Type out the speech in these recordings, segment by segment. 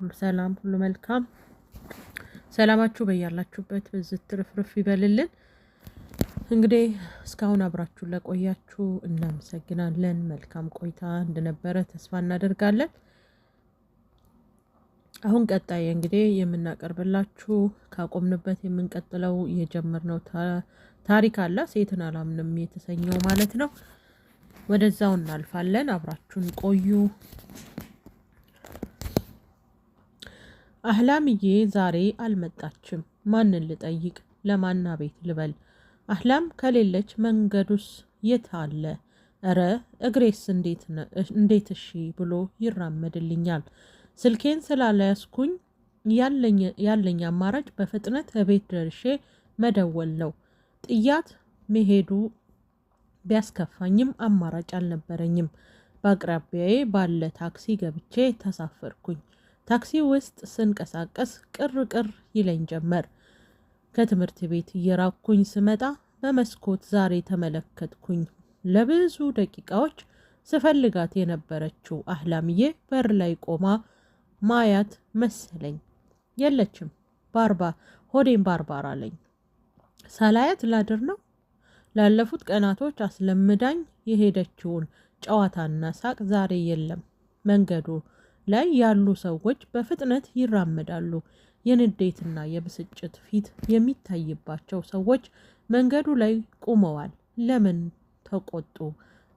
ሁሉ ሰላም፣ ሁሉ መልካም። ሰላማችሁ በያላችሁበት ብዝት ትርፍርፍ ይበልልን። እንግዲህ እስካሁን አብራችሁ ለቆያችሁ እናመሰግናለን። መልካም ቆይታ እንደነበረ ተስፋ እናደርጋለን። አሁን ቀጣይ እንግዲህ የምናቀርብላችሁ ካቆምንበት የምንቀጥለው የጀመርነው ታሪክ አለ፣ ሴትን አላምንም የተሰኘው ማለት ነው። ወደዛው እናልፋለን። አብራችሁን ቆዩ። አህላምዬ ዛሬ አልመጣችም። ማንን ልጠይቅ? ለማና ቤት ልበል? አህላም ከሌለች መንገዱስ የት አለ? እረ እግሬስ እንዴት እሺ ብሎ ይራመድልኛል? ስልኬን ስላለያዝኩኝ ያለኝ አማራጭ በፍጥነት እቤት ደርሼ መደወል ነው። ጥያት መሄዱ ቢያስከፋኝም አማራጭ አልነበረኝም። በአቅራቢያዬ ባለ ታክሲ ገብቼ ተሳፈርኩኝ። ታክሲ ውስጥ ስንቀሳቀስ ቅር ቅር ይለኝ ጀመር። ከትምህርት ቤት እየራኩኝ ስመጣ በመስኮት ዛሬ ተመለከትኩኝ። ለብዙ ደቂቃዎች ስፈልጋት የነበረችው አህላምዬ በር ላይ ቆማ ማያት መሰለኝ። የለችም። ባርባ ሆዴን ባርባር አለኝ። ሳላያት ላድር ነው። ላለፉት ቀናቶች አስለምዳኝ የሄደችውን ጨዋታና ሳቅ ዛሬ የለም መንገዱ ላይ ያሉ ሰዎች በፍጥነት ይራመዳሉ። የንዴትና የብስጭት ፊት የሚታይባቸው ሰዎች መንገዱ ላይ ቆመዋል። ለምን ተቆጡ?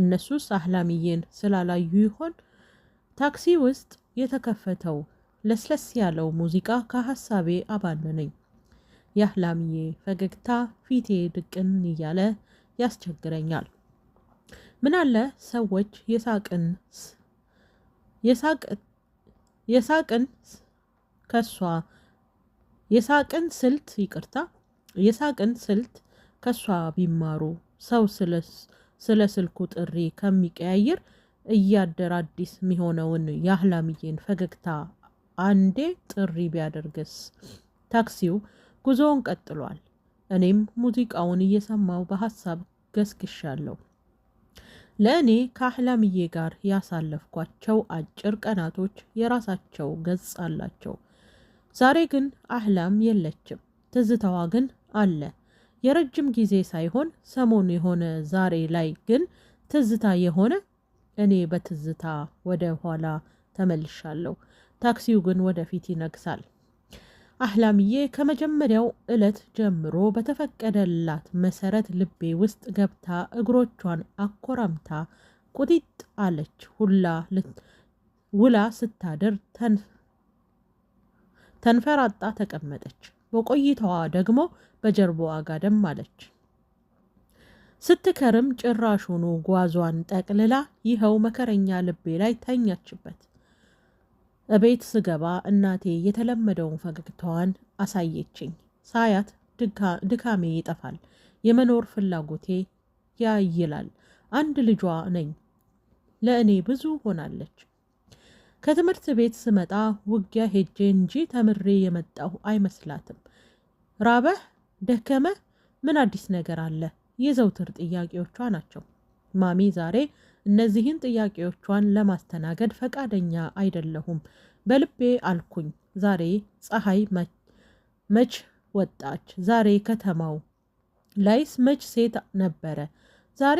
እነሱስ አህላሚዬን ስላላዩ ይሆን? ታክሲ ውስጥ የተከፈተው ለስለስ ያለው ሙዚቃ ከሀሳቤ አባነነኝ። የአህላሚዬ ፈገግታ ፊቴ ድቅን እያለ ያስቸግረኛል። ምናለ ሰዎች የሳቅን የሳቅ የሳቅን ከሷ የሳቅን ስልት ይቅርታ የሳቅን ስልት ከሷ ቢማሩ ሰው ስለ ስልኩ ጥሪ ከሚቀያየር እያደር አዲስ የሚሆነውን የአህላምዬን ፈገግታ አንዴ ጥሪ ቢያደርግስ። ታክሲው ጉዞውን ቀጥሏል። እኔም ሙዚቃውን እየሰማው በሀሳብ ገስግሻለሁ። ለእኔ ከአህላምዬ ጋር ያሳለፍኳቸው አጭር ቀናቶች የራሳቸው ገጽ አላቸው። ዛሬ ግን አህላም የለችም፣ ትዝታዋ ግን አለ። የረጅም ጊዜ ሳይሆን ሰሞኑ የሆነ ዛሬ ላይ ግን ትዝታ የሆነ እኔ በትዝታ ወደ ኋላ ተመልሻለሁ። ታክሲው ግን ወደፊት ይነግሳል። አህላምዬ ከመጀመሪያው ዕለት ጀምሮ በተፈቀደላት መሰረት ልቤ ውስጥ ገብታ እግሮቿን አኮራምታ ቁጢጥ አለች። ሁላ ውላ ስታደር ተንፈራጣ ተቀመጠች። በቆይታዋ ደግሞ በጀርባዋ ጋደም አለች። ስትከርም ጭራሹኑ ጓዟን ጠቅልላ ይኸው መከረኛ ልቤ ላይ ተኛችበት። እቤት ስገባ እናቴ የተለመደውን ፈገግታዋን አሳየችኝ። ሳያት ድካሜ ይጠፋል፣ የመኖር ፍላጎቴ ያይላል። አንድ ልጇ ነኝ፣ ለእኔ ብዙ ሆናለች። ከትምህርት ቤት ስመጣ ውጊያ ሄጄ እንጂ ተምሬ የመጣሁ አይመስላትም። ራበህ ደከመህ፣ ምን አዲስ ነገር አለ? የዘውትር ጥያቄዎቿ ናቸው። ማሚ ዛሬ እነዚህን ጥያቄዎቿን ለማስተናገድ ፈቃደኛ አይደለሁም። በልቤ አልኩኝ፣ ዛሬ ፀሐይ መች ወጣች? ዛሬ ከተማው ላይስ መች ሴት ነበረ? ዛሬ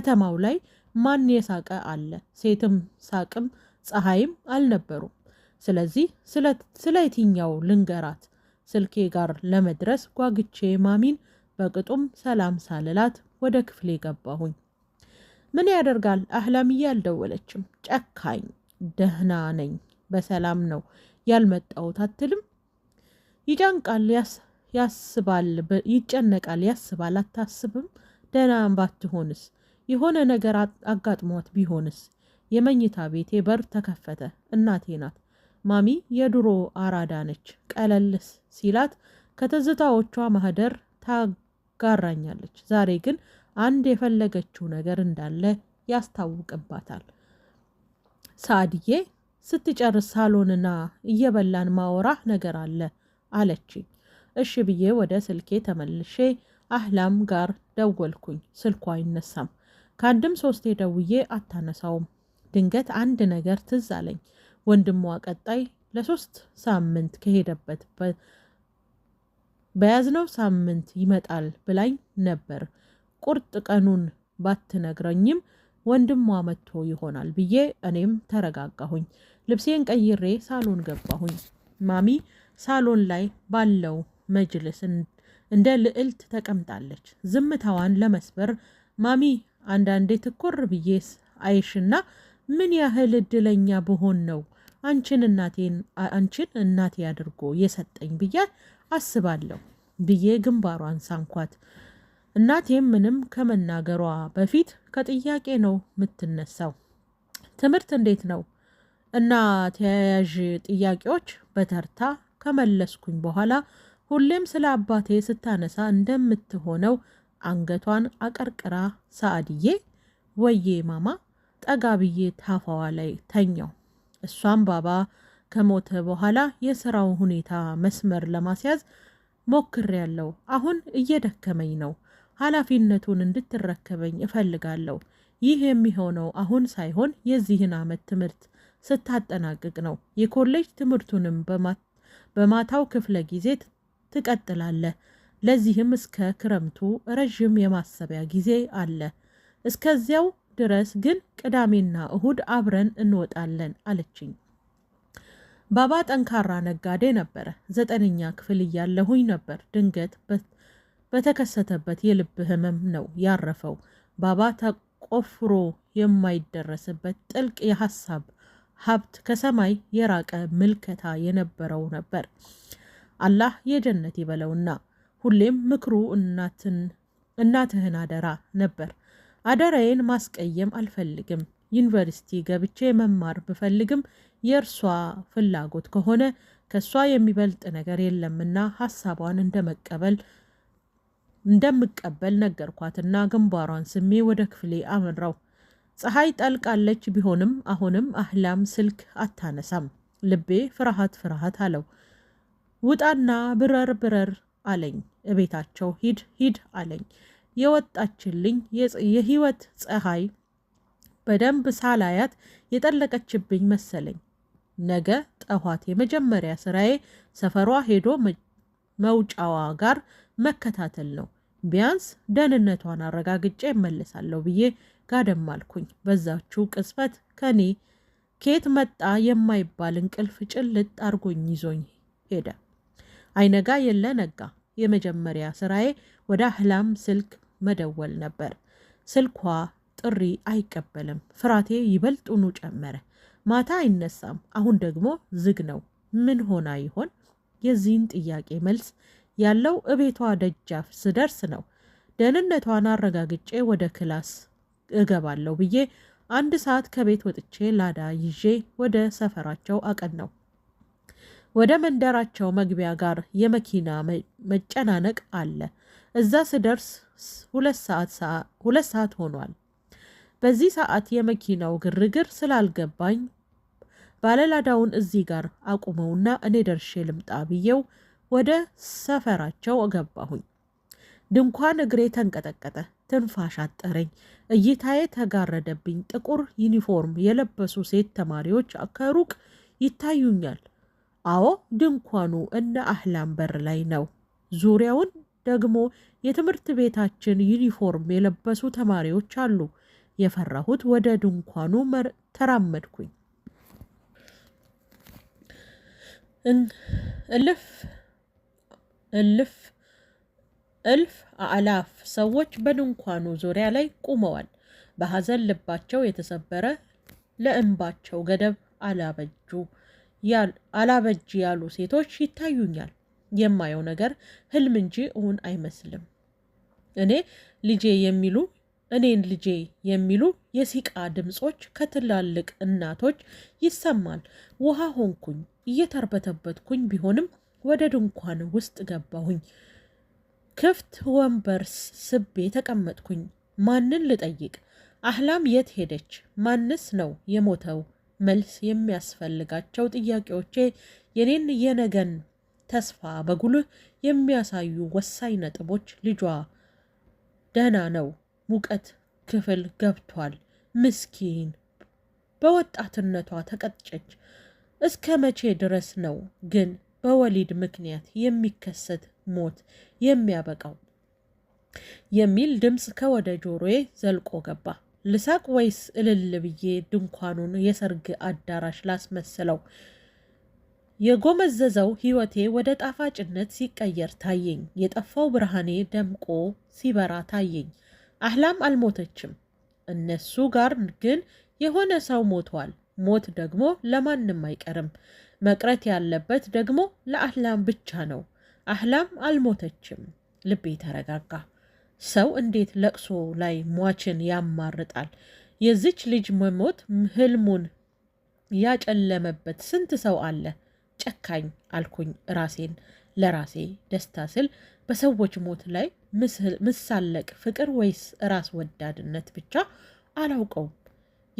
ከተማው ላይ ማን የሳቀ አለ? ሴትም ሳቅም ፀሐይም አልነበሩም። ስለዚህ ስለ የትኛው ልንገራት? ስልኬ ጋር ለመድረስ ጓግቼ ማሚን በቅጡም ሰላም ሳልላት ወደ ክፍሌ ገባሁኝ። ምን ያደርጋል አህላምዬ አልደወለችም። ጨካኝ ደህና ነኝ በሰላም ነው ያልመጣሁት አትልም። ይጨንቃል፣ ያስባል፣ ይጨነቃል፣ ያስባል። አታስብም? ደህና ባትሆንስ? የሆነ ነገር አጋጥሟት ቢሆንስ? የመኝታ ቤቴ በር ተከፈተ። እናቴ ናት። ማሚ የድሮ አራዳ ነች። ቀለልስ ሲላት ከትዝታዎቿ ማህደር ታጋራኛለች። ዛሬ ግን አንድ የፈለገችው ነገር እንዳለ ያስታውቅባታል። ሳድዬ ስትጨርስ ሳሎንና እየበላን ማወራ ነገር አለ አለችኝ። እሺ ብዬ ወደ ስልኬ ተመልሼ አህላም ጋር ደወልኩኝ። ስልኳ አይነሳም። ከአንድም ሶስቴ ደውዬ አታነሳውም። ድንገት አንድ ነገር ትዝ አለኝ። ወንድሟ ቀጣይ ለሶስት ሳምንት ከሄደበት በያዝነው ሳምንት ይመጣል ብላኝ ነበር። ቁርጥ ቀኑን ባትነግረኝም ወንድሟ መጥቶ ይሆናል ብዬ እኔም ተረጋጋሁኝ። ልብሴን ቀይሬ ሳሎን ገባሁኝ። ማሚ ሳሎን ላይ ባለው መጅልስ እንደ ልዕልት ተቀምጣለች። ዝምታዋን ለመስበር ማሚ አንዳንዴ ትኩር ብዬ አይሽና ምን ያህል እድለኛ ብሆን ነው አንቺን እናቴን አንቺን እናቴ አድርጎ የሰጠኝ ብዬ አስባለሁ ብዬ ግንባሯን ሳንኳት። እናቴም ምንም ከመናገሯ በፊት ከጥያቄ ነው የምትነሳው። ትምህርት እንዴት ነው እና ተያያዥ ጥያቄዎች በተርታ ከመለስኩኝ በኋላ ሁሌም ስለ አባቴ ስታነሳ እንደምትሆነው አንገቷን አቀርቅራ ሰአድዬ ወዬ ማማ ጠጋ ብዬ ታፋዋ ላይ ተኛው። እሷም ባባ ከሞተ በኋላ የስራው ሁኔታ መስመር ለማስያዝ ሞክሬያለሁ። አሁን እየደከመኝ ነው። ኃላፊነቱን እንድትረከበኝ እፈልጋለሁ። ይህ የሚሆነው አሁን ሳይሆን የዚህን ዓመት ትምህርት ስታጠናቅቅ ነው። የኮሌጅ ትምህርቱንም በማታው ክፍለ ጊዜ ትቀጥላለህ። ለዚህም እስከ ክረምቱ ረዥም የማሰቢያ ጊዜ አለ። እስከዚያው ድረስ ግን ቅዳሜና እሁድ አብረን እንወጣለን አለችኝ። ባባ ጠንካራ ነጋዴ ነበረ። ዘጠነኛ ክፍል እያለሁኝ ነበር ድንገት በተከሰተበት የልብ ህመም ነው ያረፈው። ባባ ተቆፍሮ የማይደረስበት ጥልቅ የሀሳብ ሀብት ከሰማይ የራቀ ምልከታ የነበረው ነበር። አላህ የጀነት ይበለውና ሁሌም ምክሩ እናትን እናትህን አደራ ነበር። አደራዬን ማስቀየም አልፈልግም። ዩኒቨርሲቲ ገብቼ መማር ብፈልግም የእርሷ ፍላጎት ከሆነ ከእሷ የሚበልጥ ነገር የለምና ሀሳቧን እንደ መቀበል እንደምቀበል ነገርኳትና ግንባሯን ስሜ ወደ ክፍሌ አመራው። ፀሐይ ጠልቃለች። ቢሆንም አሁንም አህላም ስልክ አታነሳም። ልቤ ፍርሃት ፍርሃት አለው። ውጣና ብረር ብረር አለኝ። እቤታቸው ሂድ ሂድ አለኝ። የወጣችልኝ የህይወት ፀሐይ በደንብ ሳላያት የጠለቀችብኝ መሰለኝ። ነገ ጠዋት የመጀመሪያ ስራዬ ሰፈሯ ሄዶ መውጫዋ ጋር መከታተል ነው። ቢያንስ ደህንነቷን አረጋግጬ እመለሳለሁ ብዬ ጋደም አልኩኝ። በዛችው ቅጽበት ከኔ ኬት መጣ የማይባል እንቅልፍ ጭልጥ አርጎኝ ይዞኝ ሄደ። አይነጋ የለ ነጋ። የመጀመሪያ ስራዬ ወደ አህላም ስልክ መደወል ነበር። ስልኳ ጥሪ አይቀበልም። ፍራቴ ይበልጡኑ ጨመረ። ማታ አይነሳም፣ አሁን ደግሞ ዝግ ነው። ምን ሆና ይሆን? የዚህን ጥያቄ መልስ ያለው እቤቷ ደጃፍ ስደርስ ነው። ደህንነቷን አረጋግጬ ወደ ክላስ እገባለሁ ብዬ አንድ ሰዓት ከቤት ወጥቼ ላዳ ይዤ ወደ ሰፈራቸው ነው። ወደ መንደራቸው መግቢያ ጋር የመኪና መጨናነቅ አለ። እዛ ስደርስ ሁለት ሰዓት ሆኗል። በዚህ ሰዓት የመኪናው ግርግር ስላልገባኝ ባለላዳውን እዚህ ጋር አቁመውና እኔ ደርሼ ልምጣ ብዬው ወደ ሰፈራቸው ገባሁኝ። ድንኳን እግሬ ተንቀጠቀጠ፣ ትንፋሽ አጠረኝ፣ እይታዬ ተጋረደብኝ። ጥቁር ዩኒፎርም የለበሱ ሴት ተማሪዎች ከሩቅ ይታዩኛል። አዎ ድንኳኑ እነ አህላም በር ላይ ነው። ዙሪያውን ደግሞ የትምህርት ቤታችን ዩኒፎርም የለበሱ ተማሪዎች አሉ። የፈራሁት ወደ ድንኳኑ ተራመድኩኝ። እልፍ እልፍ እልፍ አላፍ ሰዎች በድንኳኑ ዙሪያ ላይ ቆመዋል። በሐዘን ልባቸው የተሰበረ ለእንባቸው ገደብ አላበጁ አላበጅ ያሉ ሴቶች ይታዩኛል። የማየው ነገር ህልም እንጂ እውን አይመስልም። እኔ ልጄ የሚሉ እኔን ልጄ የሚሉ የሲቃ ድምጾች ከትላልቅ እናቶች ይሰማል። ውሃ ሆንኩኝ እየተርበተበትኩኝ ቢሆንም ወደ ድንኳን ውስጥ ገባሁኝ። ክፍት ወንበር ስቤ ተቀመጥኩኝ። ማንን ልጠይቅ? አህላም የት ሄደች? ማንስ ነው የሞተው? መልስ የሚያስፈልጋቸው ጥያቄዎቼ የኔን የነገን ተስፋ በጉልህ የሚያሳዩ ወሳኝ ነጥቦች። ልጇ ደህና ነው፣ ሙቀት ክፍል ገብቷል። ምስኪን በወጣትነቷ ተቀጨች። እስከ መቼ ድረስ ነው ግን በወሊድ ምክንያት የሚከሰት ሞት የሚያበቃው የሚል ድምፅ ከወደ ጆሮዬ ዘልቆ ገባ። ልሳቅ ወይስ እልል ብዬ ድንኳኑን የሰርግ አዳራሽ ላስመስለው? የጎመዘዘው ሕይወቴ ወደ ጣፋጭነት ሲቀየር ታየኝ። የጠፋው ብርሃኔ ደምቆ ሲበራ ታየኝ። አህላም አልሞተችም። እነሱ ጋር ግን የሆነ ሰው ሞቷል። ሞት ደግሞ ለማንም አይቀርም። መቅረት ያለበት ደግሞ ለአህላም ብቻ ነው። አህላም አልሞተችም። ልቤ ተረጋጋ። ሰው እንዴት ለቅሶ ላይ ሟችን ያማርጣል? የዚች ልጅ መሞት ህልሙን ያጨለመበት ስንት ሰው አለ። ጨካኝ አልኩኝ ራሴን ለራሴ ደስታ ስል በሰዎች ሞት ላይ ምሳለቅ ፍቅር ወይስ ራስ ወዳድነት ብቻ አላውቀውም።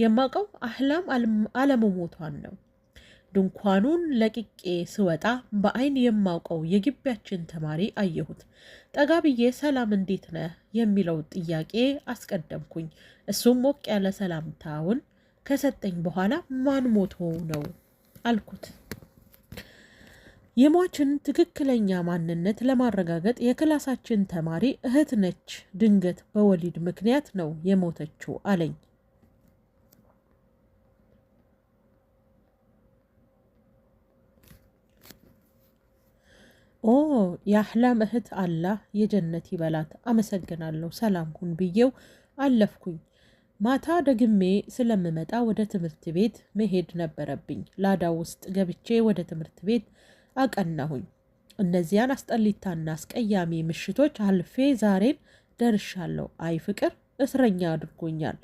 የማውቀው አህላም አለመሞቷን ነው። ድንኳኑን ለቅቄ ስወጣ በአይን የማውቀው የግቢያችን ተማሪ አየሁት። ጠጋ ብዬ ሰላም እንዴት ነህ የሚለው ጥያቄ አስቀደምኩኝ። እሱም ሞቅ ያለ ሰላምታውን ከሰጠኝ በኋላ ማን ሞቶ ነው አልኩት። የሟችን ትክክለኛ ማንነት ለማረጋገጥ የክላሳችን ተማሪ እህት ነች፣ ድንገት በወሊድ ምክንያት ነው የሞተችው አለኝ። ኦ የአህላም እህት አላህ የጀነት ይበላት፣ አመሰግናለሁ፣ ሰላም ሁን ብዬው አለፍኩኝ። ማታ ደግሜ ስለምመጣ ወደ ትምህርት ቤት መሄድ ነበረብኝ። ላዳ ውስጥ ገብቼ ወደ ትምህርት ቤት አቀናሁኝ። እነዚያን አስጠሊታና አስቀያሚ ምሽቶች አልፌ ዛሬን ደርሻለሁ። አይ ፍቅር እስረኛ አድርጎኛል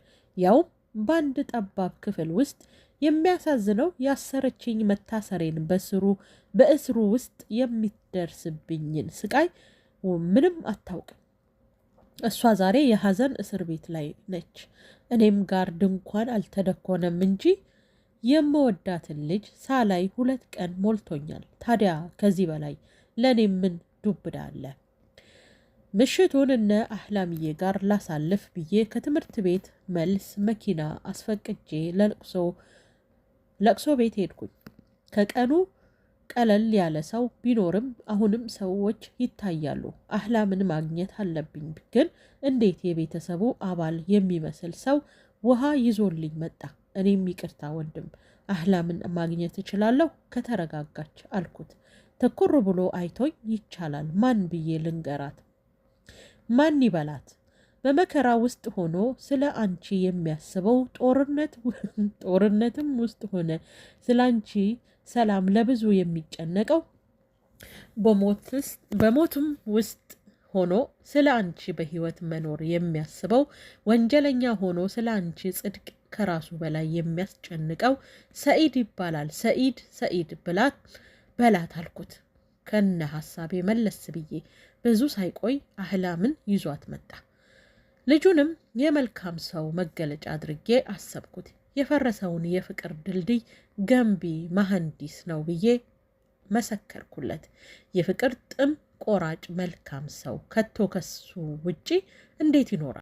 ያውም በአንድ ጠባብ ክፍል ውስጥ የሚያሳዝነው ያሰረችኝ መታሰሬን በስሩ በእስሩ ውስጥ የሚደርስብኝን ስቃይ ምንም አታውቅም። እሷ ዛሬ የሀዘን እስር ቤት ላይ ነች። እኔም ጋር ድንኳን አልተደኮነም እንጂ የምወዳትን ልጅ ሳላይ ሁለት ቀን ሞልቶኛል። ታዲያ ከዚህ በላይ ለእኔ ምን ዱብዳ አለ? ምሽቱን እነ አህላምዬ ጋር ላሳልፍ ብዬ ከትምህርት ቤት መልስ መኪና አስፈቅጄ ለልቅሶ ለቅሶ ቤት ሄድኩኝ። ከቀኑ ቀለል ያለ ሰው ቢኖርም አሁንም ሰዎች ይታያሉ። አህላምን ማግኘት አለብኝ። ግን እንዴት የቤተሰቡ አባል የሚመስል ሰው ውሃ ይዞልኝ መጣ። እኔም ይቅርታ ወንድም፣ አህላምን ማግኘት እችላለሁ ከተረጋጋች አልኩት። ትኩር ብሎ አይቶኝ ይቻላል ማን ብዬ ልንገራት ማን ይበላት? በመከራ ውስጥ ሆኖ ስለ አንቺ የሚያስበው ጦርነትም ውስጥ ሆነ ስለ አንቺ ሰላም ለብዙ የሚጨነቀው በሞትም ውስጥ ሆኖ ስለ አንቺ በሕይወት መኖር የሚያስበው ወንጀለኛ ሆኖ ስለ አንቺ ጽድቅ ከራሱ በላይ የሚያስጨንቀው ሰኢድ ይባላል። ሰኢድ ሰኢድ ብላት በላት አልኩት። ከነ ሀሳቤ መለስ ብዬ ብዙ ሳይቆይ አህላምን ይዟት መጣ። ልጁንም የመልካም ሰው መገለጫ አድርጌ አሰብኩት። የፈረሰውን የፍቅር ድልድይ ገንቢ መሐንዲስ ነው ብዬ መሰከርኩለት። የፍቅር ጥም ቆራጭ መልካም ሰው ከቶ ከሱ ውጪ እንዴት ይኖራል?